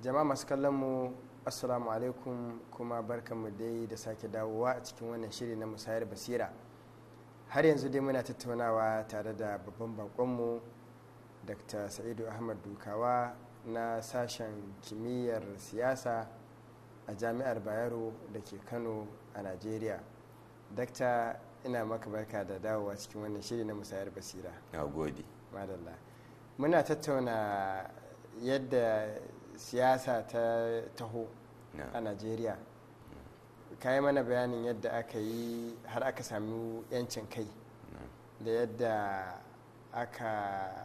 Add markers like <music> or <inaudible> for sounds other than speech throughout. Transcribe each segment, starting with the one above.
jama'a masu kallon mu assalamu alaikum kuma barkanmu dai da sake dawowa a cikin wannan shiri na musayar basira har yanzu dai muna tattaunawa tare da babban bakonmu dr sa'idu ahmad dukawa na sashen kimiyyar siyasa a jami'ar bayero da ke kano a nigeria dakta ina maka barka da dawowa cikin wannan shiri na musayar basira madalla muna tattauna yadda siyasa ta taho a nigeria kayi mana bayanin yadda aka yi har aka sami yancin kai da yadda aka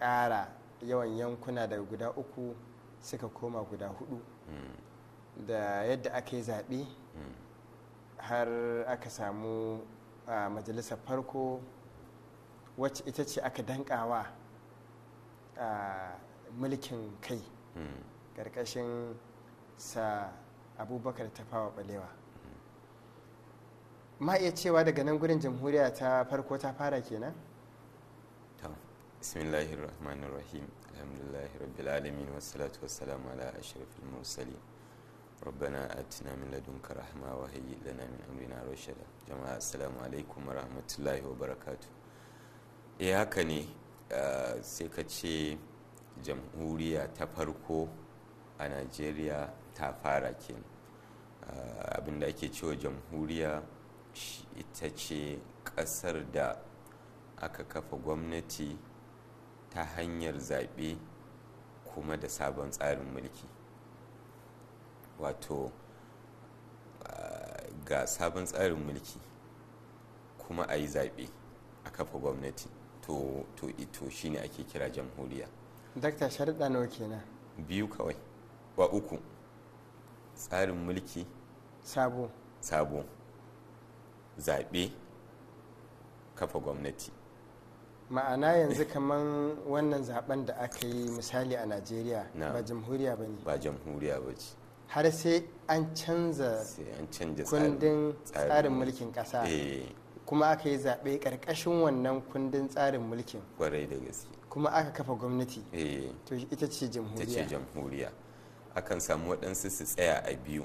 ƙara yawan yankuna daga guda uku suka koma guda hudu hmm. da yadda aka yi zaɓe hmm. har aka samu a majalisar farko wacce ita ce aka dankawa a mulkin kai hmm. ƙarƙashin sa abubakar tafawa balewa ma iya cewa daga nan gudun jamhuriya ta farko ta fara kenan bismillahi rahmanir rahim alhamdulillahi rabbil alamin wassalatu wassalamu ala ashrafil mursalin rabbana atina min ladunka rahma wa hayyi lana min amrina rashada jama'a assalamu alaikum wa rahmatullahi wa barakatuh eh haka ne ah, sai ka ce jamhuriya ta farko a Najeriya ta fara ah, abinda ake cewa jamhuriya ita ce kasar da aka kafa gwamnati ta hanyar zaɓe kuma da sabon tsarin mulki wato ga sabon tsarin mulki kuma a yi zaɓe a kafa gwamnati to ito shi ne ake kira jamhuriya dakta sharɗa nawa kenan biyu kawai wa uku tsarin mulki sabo sabo zaɓe kafa gwamnati ma'ana yanzu kamar wannan zaben da aka yi misali a najeriya ba jamhuriya ba ne ba jamhuriya ba ce har sai an canza kundin tsarin mulkin kasa eh. kuma aka yi zaɓe ƙarƙashin wannan kundin tsarin mulkin kwarai da gaske kuma aka kafa gwamnati eh. to ita ce jamhuriya ita ce jamhuriya akan samu waɗansu su tsaya a biyu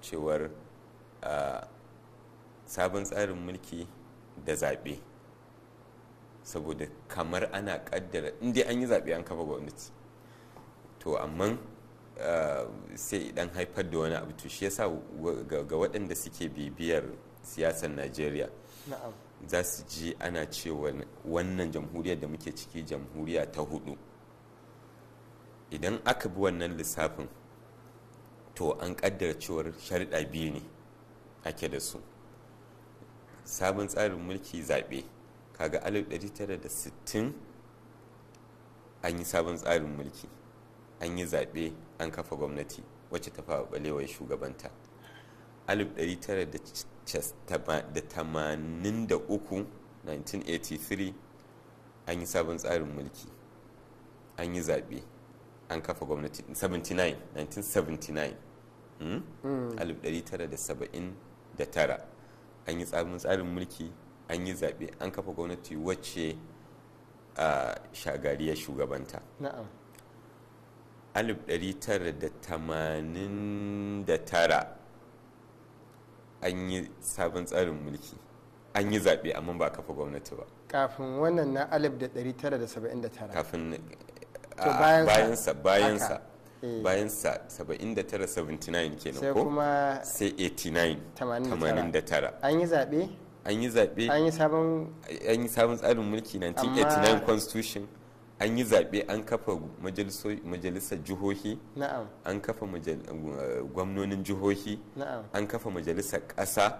cewar ah, sabon tsarin mulki da zaɓe saboda kamar ana kaddara inda an yi zaɓe an kafa gwamnati to amma eh, sai idan haifar da wani abu to shi yasa ga waɗanda suke bibiyar siyasar najeriya za su ji ana cewa wannan jamhuriyar da muke ciki jamhuriya ta hudu idan aka bi wannan lissafin to an kaddara cewar sharɗa biyu ne ake da su sabon tsarin mulki zaɓe kaga 1960 an yi sabon tsarin mulki an yi zaɓe an kafa gwamnati wacce ta fara balewar shugabanta 1983 1983 an yi sabon tsarin mulki an yi zaɓe an kafa gwamnati 79 1979 1979 an yi tsarin mulki an yi zaɓe an kafa gwamnati wacce a shagari ya shugabanta na'am 1989 an yi sabon tsarin mulki an yi zaɓe amma ba kafa gwamnati ba kafin wannan na 1979 kafin bayansa bayansa eh. bayansa 79 79 kenan ko sai sai 89 89 an yi zaɓe an yi zaɓe an yi sabon tsarin mulki 1989 constitution an yi zaɓe an kafa majalisar jihohi an kafa eh, gwamnonin jihohi an kafa majalisar ƙasa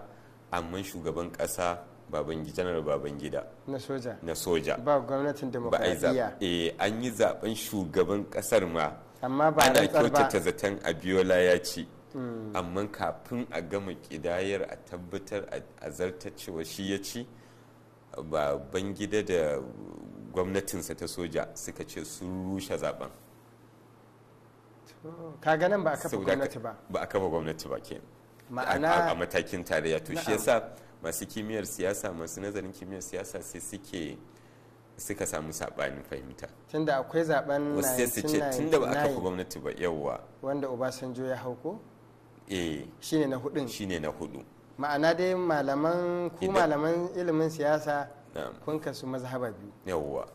amma shugaban ƙasa babangi janar babangida na soja na soja ba gwamnatin demokradiyya eh an yi zaɓen shugaban ƙasar ma ana kyautata zaton abiola ya ce. Mm. amma kafin a gama kidayar a tabbatar a zartacewa shi ya ci ba bangida gida da gwamnatinsa ta soja suka ce sun rushe zaben kaga nan ba a kafa gwamnati ba ba a kafa gwamnati ba kenan ma'ana a matakin tarayya to shi yasa masu kimiyyar siyasa masu nazarin kimiyyar siyasa sai suke suka samu sabanin fahimta tunda akwai zaben 1999 tunda ba a kafa gwamnati ba yawwa wanda obasanjo ya hauko eh shine na hudun shine na hudu ma'ana dai malaman ku malaman ilimin siyasa kun kasu mazhaba biyu yawwa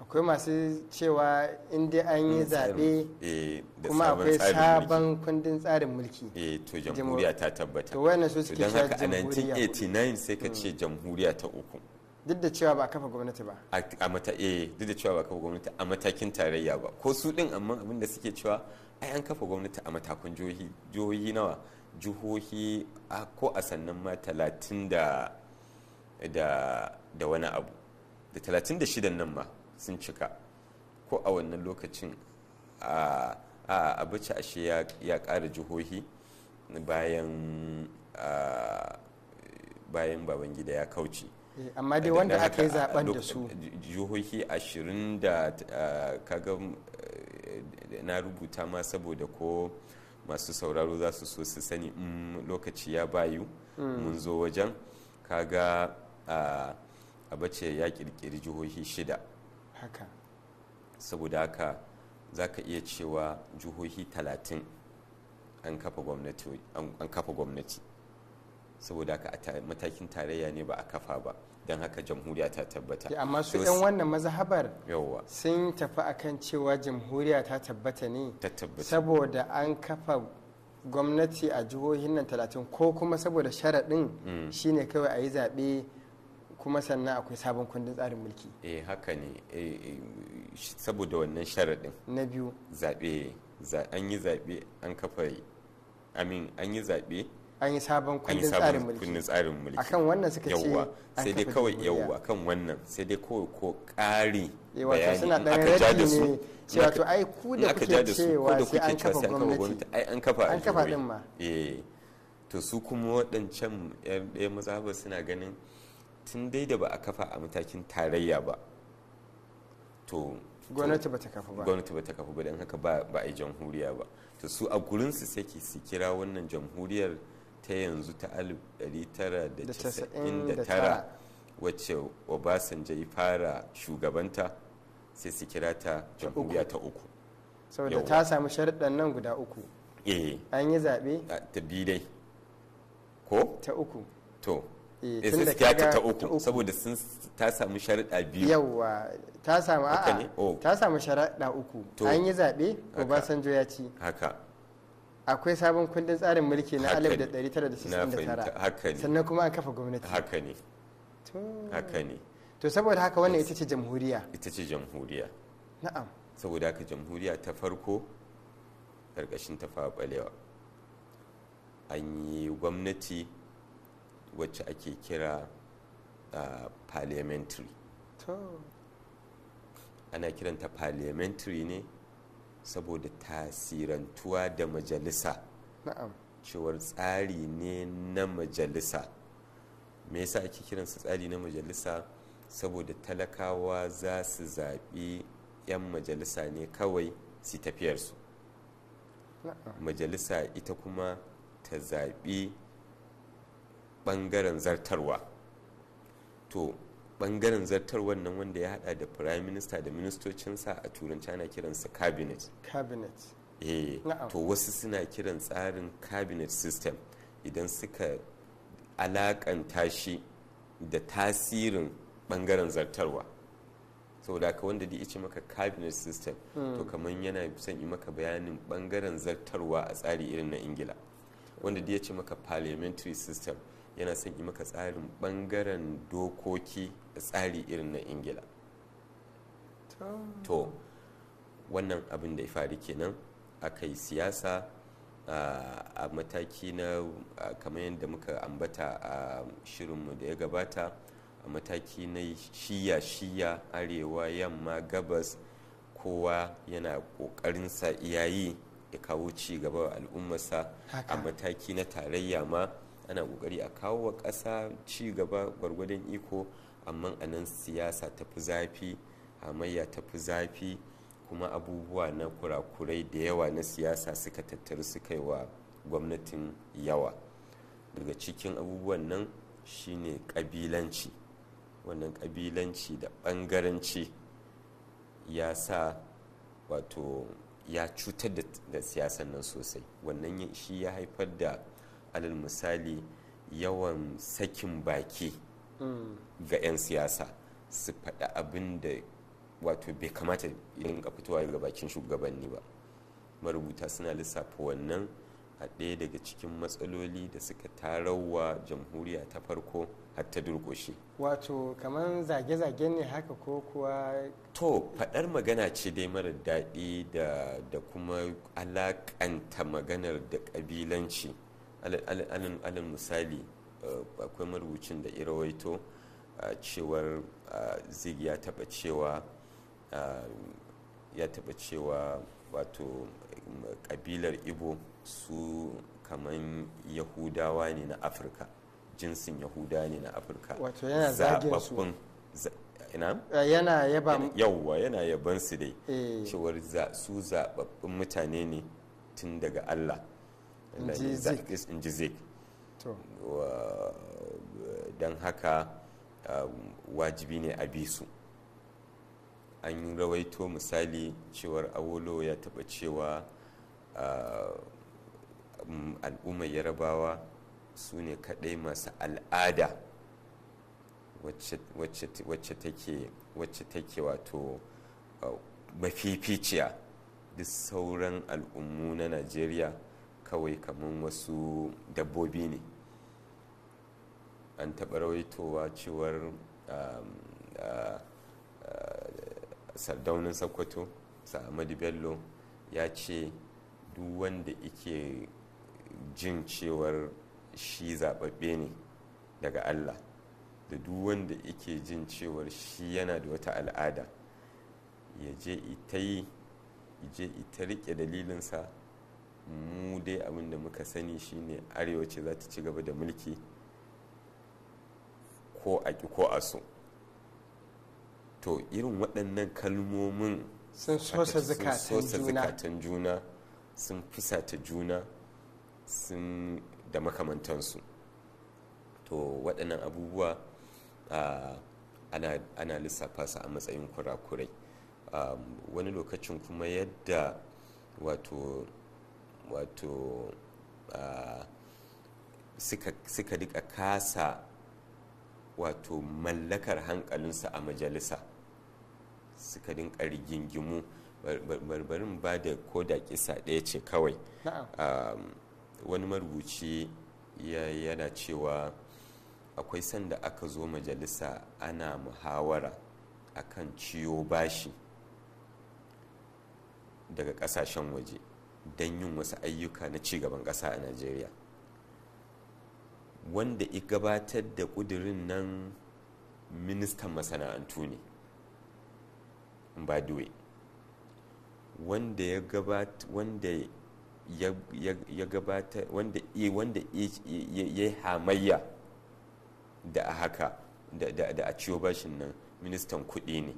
akwai masu cewa in dai an yi mm, zaɓe eh, kuma akwai sabon kundin tsarin mulki eh to jamhuriya ta tabbata to wayannan su suke cewa jamhuriya 1989 sai ka ce mm. jamhuriya ta uku duk da cewa ba a kafa gwamnati ba a mata eh duk da cewa ba a kafa gwamnati a matakin tarayya ba ko su din amma abin da suke cewa ai an kafa gwamnati a matakun jihohi jihohi nawa jihohi ko a sannan ma talatin da da wani abu da talatin da shidan nan ma sun cika ko a wannan lokacin a abuci ashe ya ƙara jihohi bayan bayan babangida ya kauce eh, amma dai wanda aka yi zaben da su jihohi ashirin da kaga eh, na rubuta ma saboda ko masu sauraro za su so su sani in lokaci ya bayu mm. mun zo wajen kaga bace ya kirkiri jihohi shida haka saboda haka za ka iya cewa jihohi talatin an kafa gwamnati saboda haka matakin tarayya ne ba a kafa ba don haka jamhuriya ta tabbata amma su yan wannan mazhabar sun tafi akan cewa jamhuriya ta tabbata ne saboda an kafa gwamnati a jihohin nan talatin ko kuma saboda sharaɗin mm. shine kawai a yi zaɓe kuma sannan akwai sabon kundin tsarin mulki eh haka ne eh, eh, saboda wannan sharaɗin na biyu zaɓe an yi zaɓe an kafa amin an yi zaɓe an yi sabon kundin tsarin mulki akan wannan suka ce sai dai kawai yawwa kan wannan sai dai kawai ko ƙari eh, bayani aka suna da rage ne cewa to ai ku da kuke cewa sai an kafa gwamnati ai an kafa an kafa din ma eh to su kuma waɗancan ɗaya mazhabar suna ganin tun dai da ba a kafa a matakin tarayya ba to gwamnati ba ta kafa ba gwamnati ba ta kafa ba don haka ba a yi jamhuriya ba to su a gurin su sai ke su kira wannan jamhuriyar ta yanzu ta 1999 wacce obasanjo ya fara shugabanta sai su kira ta jamhuriya ta uku saboda ta samu sharuɗan nan guda uku eh. an yi zaɓe ta biyu dai ko ta uku to e eh, eh, sun ta ta uku saboda sun ta samu sharaɗa biyu yawwa ta samu a'a oh. ta samu sharaɗa uku an yi zaɓe obasanjo ya ci haka akwai sabon kundin tsarin mulki na 1969 sannan kuma an kafa gwamnati haka ne haka ne to saboda haka wannan ita ce jamhuriya ita ce jamhuriya na'am saboda haka jamhuriya ta farko karkashin ta fawa balewa an yi gwamnati wacce ake kira parliamentary ana kiranta parliamentary ne saboda tasirantuwa da majalisa cewar tsari ne na majalisa me yasa ake kiransa tsari na majalisa saboda talakawa za su zaɓi 'yan majalisa ne kawai su tafiyarsu majalisa ita kuma ta zaɓi ɓangaren zartarwa to bangaren zartar wannan wanda ya hada da prime minister da ministocinsa a turanci ana kiransa cabinet cabinet eh to wasu suna kiran tsarin cabinet system idan suka alakanta shi da tasirin bangaren zartarwa saboda ka wanda da ya maka cabinet system to hmm. kamar yana son yi maka bayanin bangaren zartarwa a tsari irin na ingila wanda da ya ce maka parliamentary system yana son yi maka tsarin bangaren dokoki da tsari irin na ingila to wannan abin da ya faru kenan aka yi siyasa a mataki na kamar yadda muka ambata a shirinmu da ya gabata a mataki na shiya-shiya arewa yamma gabas kowa yana sa iyayi ya kawo ci gaba al'ummarsa a mataki na tarayya ma ana kokari a kawo wa ƙasa ci gaba gwargwadon iko amma a nan siyasa ta fi zafi hamayya ta fi zafi kuma abubuwa na kurakurai da yawa na siyasa suka tattaru suka yi wa gwamnatin yawa daga cikin abubuwan nan shine ƙabilanci wannan ƙabilanci da ɓangaranci ya sa wato ya cutar da siyasan nan sosai wannan shi ya haifar da alal misali yawan sakin baki ga 'yan siyasa su faɗi abin da wato bai kamata rinka fitowa daga bakin shugabanni ba marubuta suna lissafa wannan a ɗaya daga cikin matsaloli da suka tarawa jamhuriya ta farko har ta durƙoshi wato kamar zage-zage ne haka ko kuwa to faɗar magana ce dai mara daɗi da kuma alaƙanta maganar da ƙabilanci alal misali eh, akwai marubucin da irawaito eh, cewar eh, zig ya taba cewa ya taba cewa wato kabilar ibo su kaman yahudawa ne na afirka jinsin yahuda ne na afirka wato yana zagin su yana yawwa yana yabansu su dai cewar su zababbin mutane ne tun daga allah in ji zik don haka um, wajibi ne a bisu an yi rawaito misali cewar awolo ya taba cewa um, um, al'ummar yarabawa su ne kadai masu al'ada wacce take wato uh, mafificiya duk sauran al'ummu na najeriya kawai kamar wasu dabbobi ne an taɓa rawaitowa cewar um, uh, uh, sardaunin sokoto sa'amadu bello ya ce duk wanda ike jin cewar shi zaɓaɓɓe ne daga allah da duk wanda ike jin cewar shi yana da wata al'ada ya je ita yi je ita riƙe dalilinsa mu dai abin da muka sani shine arewaci za ta ci gaba da mulki ko a ki ko a so to irin waɗannan kalmomin sun sosa zukatan juna sun fusata juna sun da makamantansu to waɗannan abubuwa ana lissafa su a matsayin kurakurai wani lokacin kuma yadda wato wato suka dika kasa wato mallakar hankalinsu a majalisa suka dinka rigingimu barbarin ba da da kisa ɗaya ce kawai wani marubuci yana cewa akwai sanda aka zo majalisa ana muhawara akan ciwo bashi daga kasashen waje don yin wasu ayyuka na cigaban ƙasa a najeriya wanda i gabatar da ƙudurin nan ministan masana'antu ne baduwe wanda ya wanda ya yi hamayya da a haka da a ciwo bashin nan ministan kuɗi ne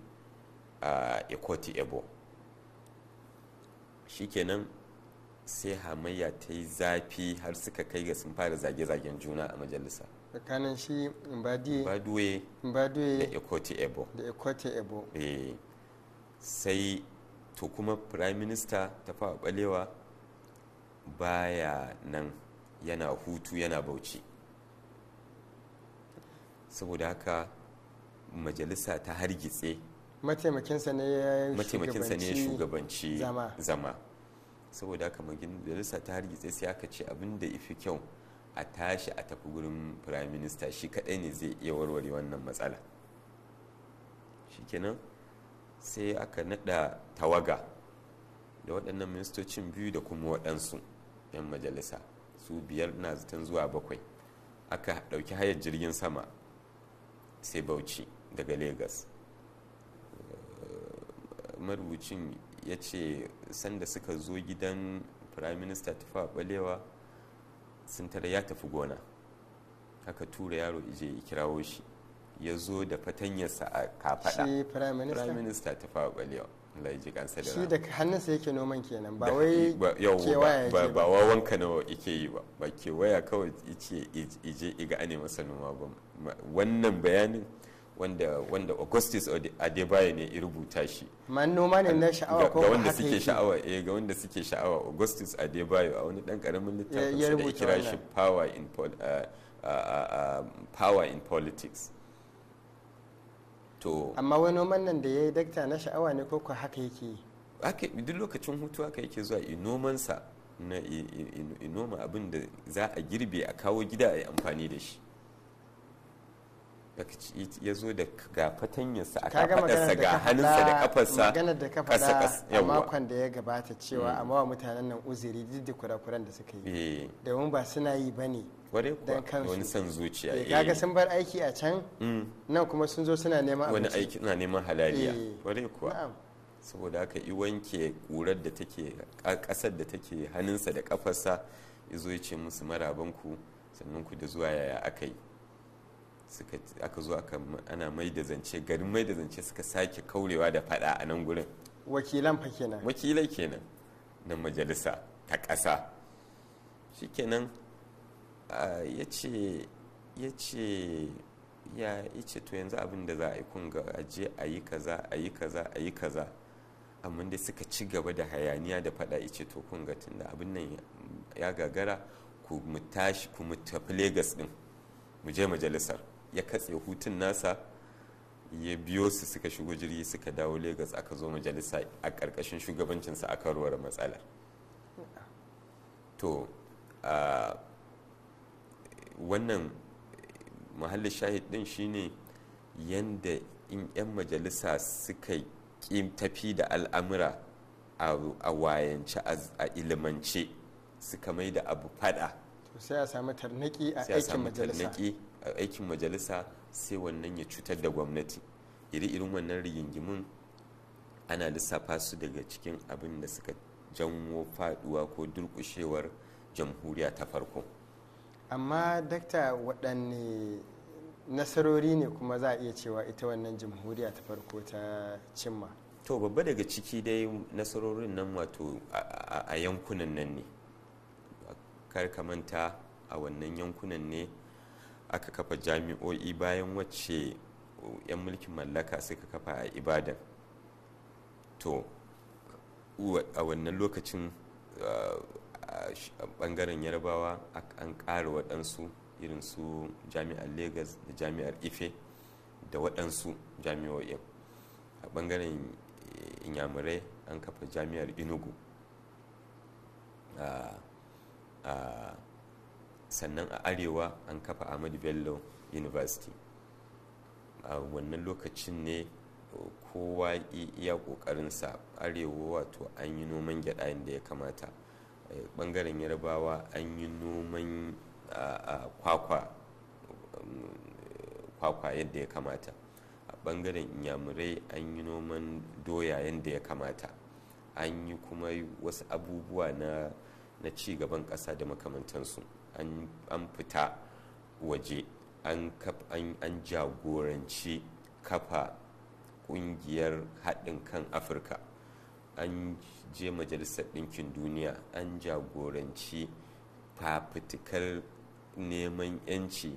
a ekoti ebo shikenan sai hamayya ta yi zafi har suka kai ga sun fara zage-zagen juna a majalisa tsakanin shi mbadiye da ekoti ebo da ekoti ebo eh, sai to kuma prime minister fawa balewa baya nan yana hutu yana bauchi saboda haka majalisa ta hargitse mataimakinsa ne ya shugabanci zama saboda haka majalisa ta hargitse sai aka ce abin da ifi kyau a tashi a tafi gurin prime minister shi kadai ne zai iya warware wannan matsala shikenan sai aka nada tawaga da waɗannan ministocin biyu da kuma waɗansu 'yan majalisa su biyar na zaton zuwa bakwai aka ɗauki hayar jirgin sama sai bauchi daga lagos eh, marubucin ya ce sanda suka zo gidan prime minister tufa balewa sun tara ya tafi gona haka tura yaro ije ya kirawo shi ya zo da fatanyarsa a kafada shi prime minister tufa balewa Allah ji kansa da shi da hannunsa yake noman kenan ba wai kewaya ba ba wa wanka nawa yake yi ba ba kewaya kawai yace ije iga ane masa noma ba wannan bayanin wanda wanda augustus adebayo ne ya rubuta shi manoma ne na sha'awa ko ga wanda suke sha'awa eh ga wanda suke sha'awa augustus adebayo a wani dan karamin littafin da ya kira shi power in uh, uh, uh, um, power in politics to amma wani noman nan da ya yi dakta na sha'awa ne koko haka yake haka duk lokacin hutu haka yake zuwa inomansa na inoma abin da za a girbe a kawo gida a yi amfani da shi ya zo da ga fatanyarsa a kafadarsa ga hannunsa da kafarsa maganar da ka faɗa a makon da ya gabata cewa a mm. mawa mutanen nan uziri duk da kurakuran da suka yi da eh. domin ba suna yi ba ne don kansu wani san zuciya ya eh, ga eh. sun bar aiki a can mm. nan kuma sun zo suna neman abinci wani aiki na neman halaliya wani kuwa saboda haka i wanke ƙurar da take ƙasar da take hannunsa da kafarsa ya zo ya ce musu marabanku sannan ku da zuwa yaya aka yi suka aka zo aka ana mai da zance garin mai da zance suka sake kaurewa da fada a nan gurin wakilan fa kenan wakilai kenan na majalisa ta ƙasa shikenan ya ce ya ce ya ce to yanzu abin da za a yi kun ga aje a yi kaza a yi kaza a yi kaza amma dai suka ci gaba da hayaniya da fada ya ce to kun ga tunda abin nan ya gagara ku mu tashi ku mu tafi Legas din mu je majalisar ya katse hutun nasa ya biyo su suka shigo jirgi suka dawo lagos aka zo majalisa a ƙarƙashin shugabancinsa aka ruwar matsalar to wannan muhallin shahid din shine yanda in 'yan majalisa suka ƙi tafi da al'amura a wayance a ilimance suka mai da abu fada sai a sami tarnaki a aikin majalisa aikin majalisa sai wannan ya cutar da gwamnati iri irin wannan rigingimin ana lissafa su daga cikin abin da suka janwo faduwa ko durkushewar jamhuriya ta farko amma dakta waɗanne nasarori ne kuma za a iya cewa ita wannan jamhuriya ta farko ta cimma to babba daga ciki dai nasarorin nan wato a yankunan nan ne kar ka manta a wannan yankunan ne aka kafa jami'o'i bayan wacce 'yan mulkin mallaka suka kafa a ibadan to a wannan lokacin bangaren yarbawa an ƙara waɗansu irin su jami'ar lagos da jami'ar ife da waɗansu jami'o'in a bangaren eh, inyamurai an kafa jami'ar inugu sannan a arewa an kafa ahmadu bello university a wannan lokacin ne uh, kowa iya kokarinsa arewa wato an yi noman gyada inda ya kamata bangaren eh, yarbawa an yi noman kwakwa um, yadda ya kamata a bangaren inyamurai an yi noman doya yadda ya kamata an yi kuma wasu abubuwa na ci gaban ƙasa da makamantansu an fita waje an jagoranci kafa kungiyar haɗin kan afirka an je majalisar ɗinkin duniya an jagoranci fafutukar neman 'yanci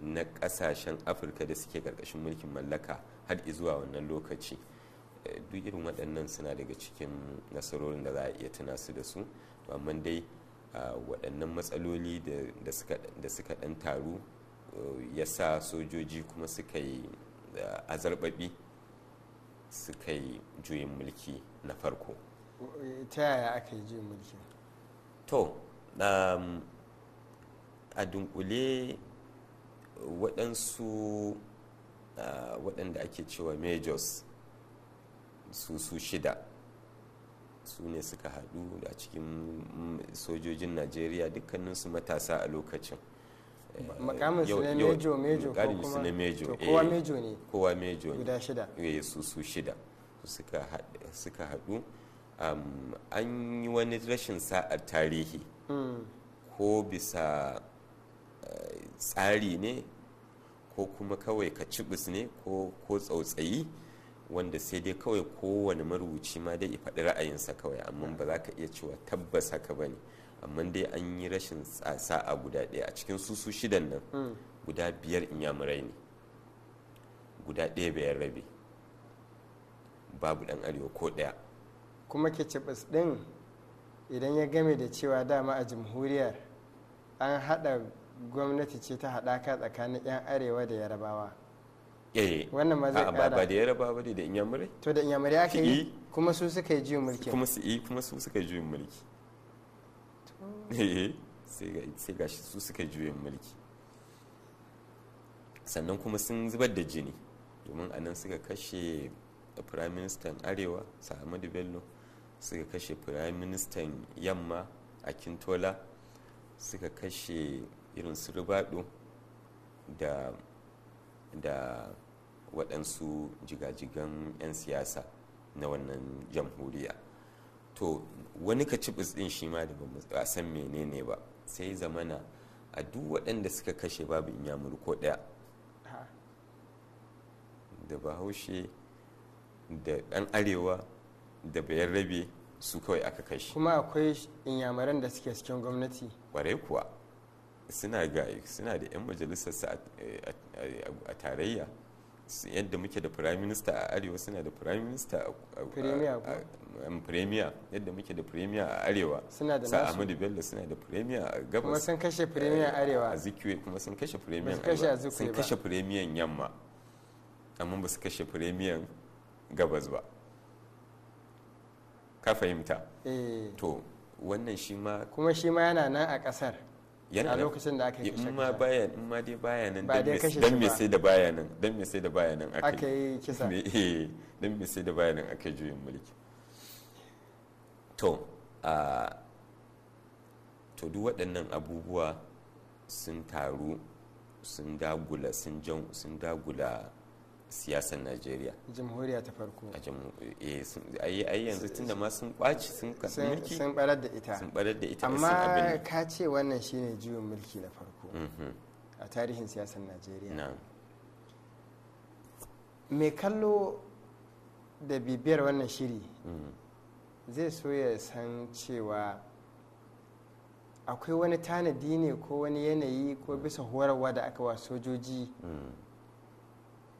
na ƙasashen afirka da suke ƙarƙashin mulkin mallaka har zuwa wannan lokaci eh, duk irin waɗannan suna daga cikin nasarorin da za a iya tuna su da su amma dai waɗannan matsaloli da suka ɗan taru eh, ya sa sojoji kuma suka yi eh, azarbabi suka yi juyin mulki na farko ta yaya aka yi juyin mulki to um, a dunkule waɗansu eh, waɗanda ake cewa majors su su shida su ne suka haɗu a cikin sojojin najeriya dukkaninsu matasa a lokacin makamin su ne mejo mejo ko kuma mejo kowa eh, mejo ne kowa mejo ne guda shida eh su su shida suka suka haɗu an yi wani rashin sa'ar tarihi hmm. ko bisa eh, tsari ne ko kuma kawai ka cibis ne ko tsautsayi wanda sai dai kawai kowane marubuci ma dai faɗi ra'ayinsa kawai amma ba za ka iya cewa tabbas haka ba ne amma dai an yi rashin tsasa a guda ɗaya a cikin susu shidan nan hmm. guda biyar inyamurai ne guda ɗaya bayan rabe babu ɗan arewa ko ɗaya kuma ke cibis ɗin idan ya game da cewa dama a jamhuriyar an haɗa gwamnati ce ta haɗaka tsakanin 'yan arewa da yarabawa eh wannan ma zai kara ba da da kuma su su eh, yi kuma eh, mulki sannan kuma sun zubar da jini domin anan suka kashe prime minister arewa sa'amadu bello suka kashe prime minister yamma a kintola suka kashe irin su Rubadu da da waɗansu jigajigan 'yan siyasa na wannan jamhuriya to wani kacibis ɗin shi ma da ba san menene ba sai zamana a duk waɗanda suka kashe babu yamur ko ɗaya da bahaushe da ɗan arewa da bayan rabe su kawai aka kashe kuma akwai inyamuran da suke cikin gwamnati ƙwarai kuwa suna ga suna da 'yan majalisar a tarayya yadda muke da prime minister a arewa suna da prime minister a premier yadda muke da premier a arewa sa amadu bello suna da premier a gabas kuma sun kashe premier eh, arewa a zikiwe kuma sun kashe premier arewa sun kashe premier yamma amma ba su kashe premier gabas ba ka fahimta eh. to wannan shi ma kuma shi ma yana nan a kasar yana a lokacin da aka yi kisa ma baya in ma dai baya nan dan me sai da baya nan dan me sai da baya nan aka yi kisa <laughs> eh dan me sai da baya nan aka juyin mulki to a to duk waɗannan abubuwa sun taru sun dagula sun jan sun dagula siyasar najeriya jamhuriya ta farko a eh, yanzu tunda ma sun ɓaci sun kasu mulki sun barar da ita sun barar da ita amma ka ce wannan shine juyin mulki na farko mm-hmm. a tarihin siyasar najeriya Na. mai kallo da bibiyar wannan shiri mm. zai so ya san cewa akwai wani tanadi ne ko wani yanayi ko mm. bisa horarwa da aka wa sojoji mm.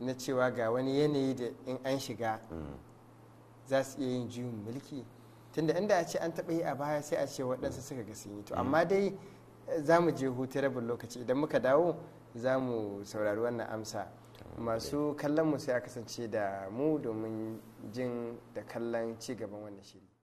na cewa ga wani yanayi da in an shiga za su iya yin juyin mulki tunda inda a ce an taɓa yi a baya sai a ce waɗansu suka ga sun yi to amma dai eh, za mu je hutu rabin lokaci idan muka dawo za mu saurari wannan amsa masu kallon mu sai a kasance da mu domin jin da kallon ci gaban wannan shiri